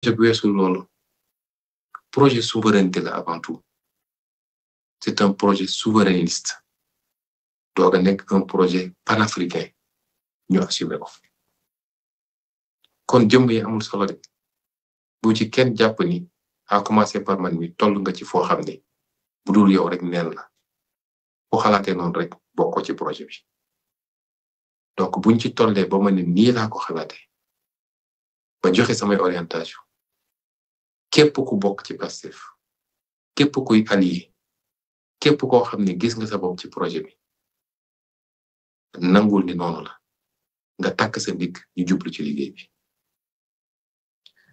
projet bu weesu loolu projet souveraineté la avant tout c'est un projet souverainiste doog a nekk un projet panafricain ñu assuré ko kon jëmm yi amul solo de bu ci kenn jàpp ni à commencer par man mi toll nga ci foo xam ni bu dul yow rek neen la foo xalaatee noonu rek bokkoo ci projet bi donc buñ ci tollee ba ma ne nii laa ko xalaatee ba joxe samay orientation képp ku bokk ci Pastef képp kuy allié képp koo xam ne gis nga sa bopp ci projet bi nangul ni noonu la nga takk sa ndigg ñu jublu ci liggéey bi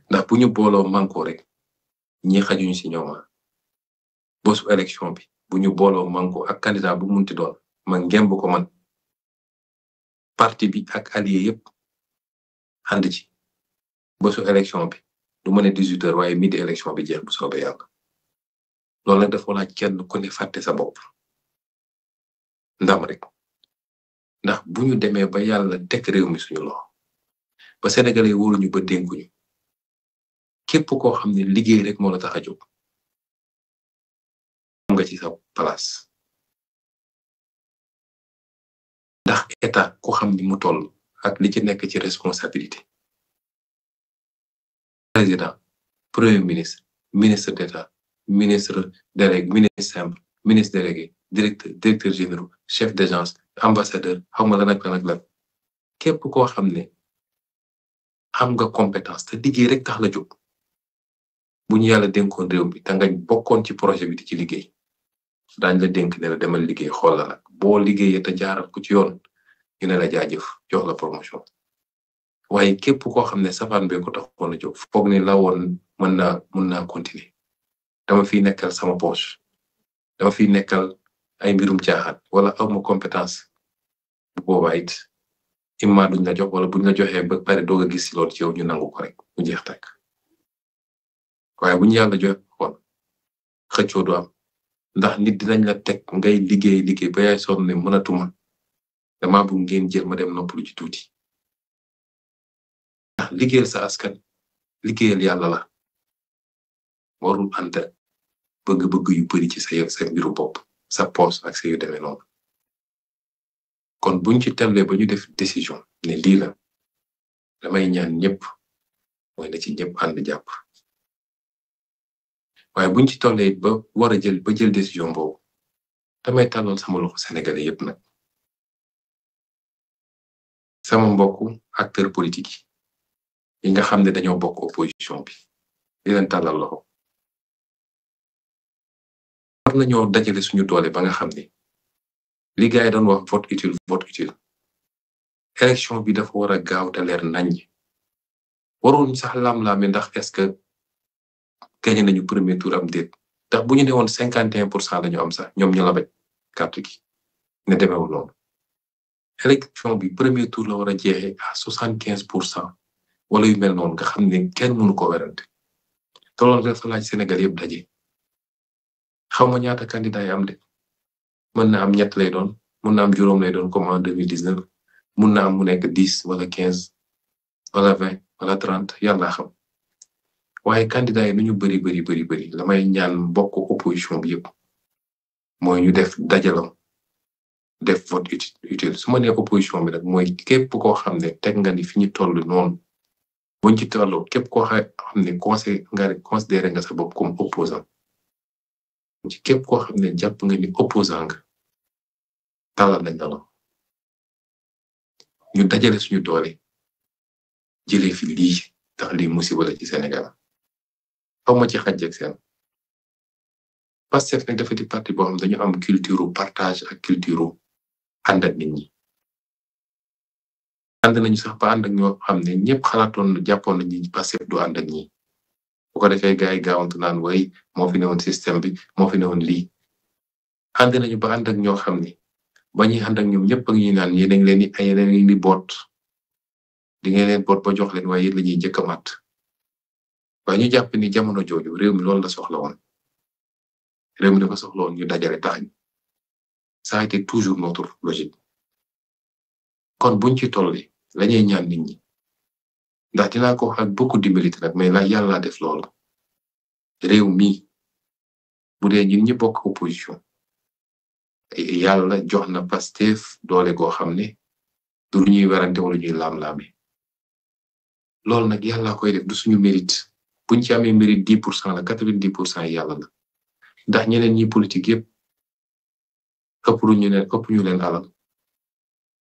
ndax bu ñu booloo mankoo rek ñi xajuñ si ñooma ah. bosu élection bi bu ñu booloo manko ak candidat bu munti doon man ngemb ko man parti bi ak allié yépp ànd ci bosu élection bi du ma ne dix-huit heures waaye élection bi jeex bu soobee yàlla loolu nag dafa laaj kenn ku ne fàtte sa bopp ndam rek ndax bu ñu demee ba yàlla teg réew mi suñu loxo ba sénégalais yi ba dénkuñu képp koo xam ne liggéey rek moo la tax a jóg nga ci sa palaas ndax état ku xam ni mu toll ak li ci nekk ci responsabilité président premier ministre ministre d'État ministre délégué ministre simple ministre délégué directeur directeur généraux chef d'agence ambassadeur xaw ma lan ak lan ak lan képp koo xam ne am nga compétence te liggéey rek tax la jóg bu ñu yàlla dénkoon réew bi te nga bokkoon ci projet bi di ci liggéey daañu la dénk ne la demal liggéey xool la nag boo liggéeyee te jaaral ko ci yoon ñu ne la jaajëf jox la promotion waaye képp koo xam ne safaan bee ko taxoon a jóg foog ni la woon mën naa mën naa continuer dama fiy nekkal sama poche dama fiy nekkal ay mbirum caaxaan wala awma compétence bu boobaa it imma duñ na jox wala buñ na joxe ba pare doog a gis loolu ci yow ñu nangu ko rek mu jeex takk bu buñ yàlla joxe xool xëccoo du am ndax nit dinañ la teg ngay liggéey liggéey ba yaay sonn ne mënatuma dama bu ngeen jël ma dem noppalu ci tuuti. ndax liggéeyal sa askan liggéeyal yàlla la warul ànd bëgg-bëgg yu bari ci sa sa mbiru bopp sa poos ak sa yu demee noonu kon buñ ci tàllee ba ñu def décision ne lii la damay ñaan ñëpp mooy na ci ñëpp ànd jàpp waaye buñ ci tollee ba war a jël ba jël décision boobu damay tàllal sama loxo sénégalais yépp nag sama mbokku acteur politique yi nga xam ne dañoo bokk opposition bi di leen tàllal loxo war nañoo dajale suñu doole ba nga xam ne li yi doon wax vote utile vote utile élection bi dafa war a gaaw te leer nañ waroon sax laam-laame ndax est-ce que gagné nañu premier tour am déet ndax bu ñu ne woon cinquante et pour cent lañu am sax ñoom ñu la bañ gi ne demeewul noonu élection bi premier tour la war a jeexee à soixante quinze pour cent wala yu mel noonu nga xam ne kenn mënu ko werante te loolu dafa laaj Sénégal yëpp daje xaw ma ñaata candidat yi am de mën na am ñett lay doon mën na am juróom lay doon comment en deux mille dix neuf mën na am mu nekk dix wala quinze wala vingt wala trente yàlla xam waaye candidat yi nu ñu bari bari bari lamay ñaan bokk opposition bi yëpp mooy ñu def dajalam def vote utile su ma nee opposition bi nag mooy képp koo xam ne teg nga ni fi ñu toll noon buñ ci tolloo képp koo xam ne conseil nga considéré nga sa bopp comme opposant ci képp koo xam ne jàpp nga ni opposant nga tàllal nañ la ñu dajale suñu doole jëlee fi lii tax lii musiba la ci Sénégal xaw ma ci xàjj ak seen Pastef nag dafa di parti boo xam dañu am culture partage ak culture ànd ak nit ñi. ànd nañu sax ba ànd ak ñoo xam ne ñëpp xalaatoon jàppoon nañu Pastef du ànd ak ñi bu ko defee gars yi gaawantu naan way moo fi newoon système bi moo fi ne newoon lii ànd nañu ba ànd ak ñoo xam ne ba ñuy ànd ak ñoom ñëpp ak ñuy naan yéen a ngi leen di yéen a ngi leen boot di ngeen leen boot ba jox leen waaye la ñuy jëkk a mat waaye ñu jàpp ni jamono jooju réew mi loolu la soxla woon réew mi dafa soxla woon ñu dajale tax toujours notre logique. kon buñ ci tolli lañuy ñaan nit ñi ndax dinaa ko wax ak beaucoup d'humilité nag mais la yàlla def loolu réew mi bu dee ñun ñi bokk opposition yàlla jox na Pastef doole goo xam ne du lu ñuy werante wala ñuy laam-laame loolu nag yàlla koy def du suñu mérite buñ ci amee mérite dix pour cent la quatre-vingt-dix pour cent yàlla la ndax ñeneen ñi politique yépp ëpp ñu leen ëpp ñu leen alal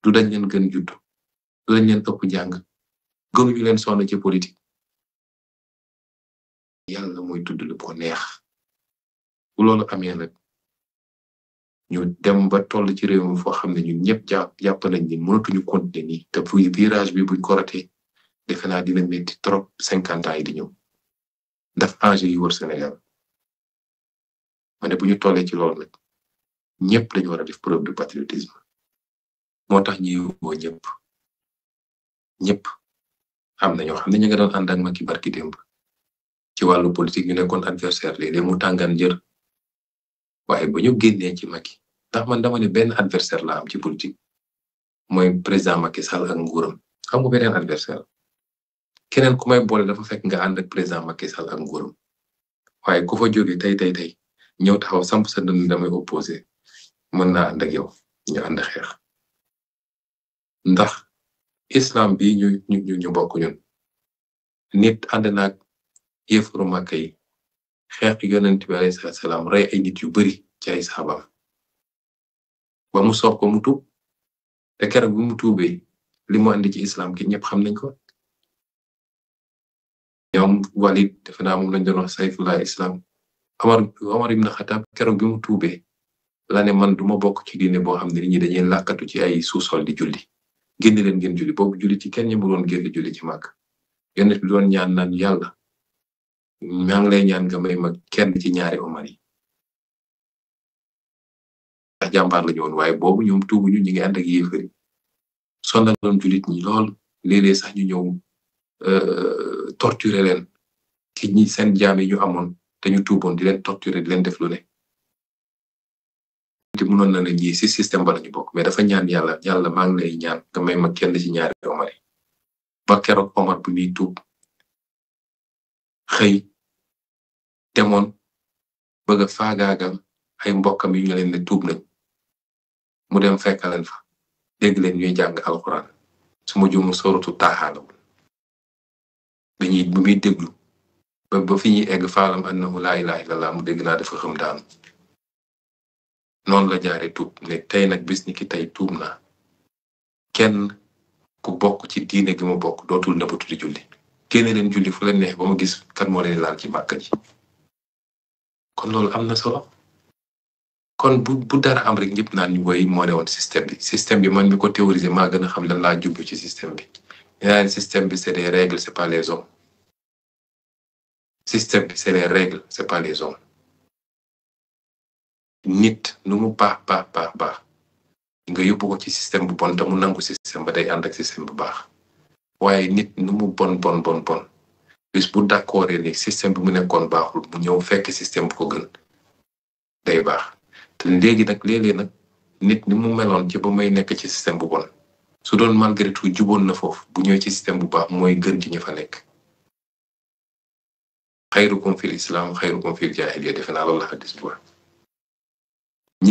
du dañ leen gën judd du dañ leen ëpp jàng gënuñu leen sonn ci politique yàlla mooy tudd lu ko neex bu loolu amee nag ñu dem ba toll ci réew mi foo xam ne ñun ñëpp jàpp jàpp nañ ni mënatuñu continuer nii te fu virage bi buñ ko ratee defe naa dina métti trop cinquante ans yi di ñëw ndax enjeu yi wër Sénégal ma bu ñu tolle ci loolu nag ñëpp dañu war def preuve de patriotisme. moo tax ñuy woo ñëpp ñëpp am na ñoo xam ne ñu nga doon ànd ak Macky barki démb ci wàllu politique ñu nekkoon adversaire léeg-léeg mu tàngaan jër waaye bu ñu génnee ci Macky ndax man dama ne benn adversaire la am ci politique mooy président maki Sall ak nguuram xam nga beneen adversaire keneen ku may boole dafa fekk nga ànd président Macky Sall ak nguuram waaye ku fa jógee tey tey tey ñëw taxaw samp sa dënn damay opposé mën naa ànd ak yow ñu ànd xeex. ndax islam bi ñu ñu ñu bokk ñun nit ànd naag yëfuru Màkka yi xeex yonent bi alayhi salaam rey ay nit yu bari ci ay saabaam ba mu soob ko mu tuub te keroog bi mu tuubee li mu ci islam ki ñëpp xam nañ ko ñoom Walid defe naa moom lañ doon wax sayfullah islam Omar Omar bi mu tuubee la ne man duma bokk ci diine boo xam ne nit ñi dañuy làkkatu ci ay suusol di julli génne leen ngeen juli boobu julli ci kenn ñëmbuloon génn juli ci màgg yonent bi doon ñaan naan yàlla maa ngi lay ñaan nga may ma kenn ci ñaari omar yi ndax jàmbaar la ñu woon waaye boobu ñoom tuubuñu ñu ngi ànd ak yéefar yi sonaloon jullit ñi lool léeg sax ñu ñëw euh, torturer leen ci ñi seen jaam yi ñu amoon te ñu tuuboon di leen torturer di leen def lu ne mënoon na ne ñii si système ba lañu bokk mais dafa ñaan yàlla yàlla maa ngi lay ñaan nga may ma kenn ci ñaari Omar yi ba keroog Omar bu ñuy tuub xëy demoon bëgg a faagaagal ay mbokkam yu ñu leen ne tuub nañ mu dem fekkaleen fa dégg leen ñuy jàng alxuraan su ma juumul soratu taaxaalawul dañuy bu muy déglu ba ba fi ñuy egg faalam annahu laa ilaaha illallah mu dégg naa dafa xam daanu noonu nga jaare tuub ne tey nag bis ni ki tey tuub na kenn ku bokk ci diine gi ma bokk dootul nëbbatu di julli génne leen julli fu leen neex ba ma gis kan moo leen laal ci màkk ji kon loolu am na solo kon bu bu dara am rek ñëpp naan ñu woy moo ne woon système bi système bi man mi ko théoriser maa gën a xam lan laa jublu ci système bi ñaareel système bi c'est des règles c'est pas les hommes système bi c'est des règles c'est pas les nit nu mu baax baax baax baax nga yóbbu ko ci système bu bon te mu nangu système ba day ànd ak système bu baax waaye nit nu mu bon bon bon bon bis bu d'accord ni système bi mu nekkoon baaxul mu ñëw fekk système bu ko gën day baax te léegi nag léeg nag nit ni mu meloon ci ba may nekk ci système bu bon su doon malgré juboon na foofu bu ñëwee ci système bu baax mooy gën ci ñu fa nekk xayrukum fil islam xayrukum fil jaahiliya defe naa loolu la xadis bu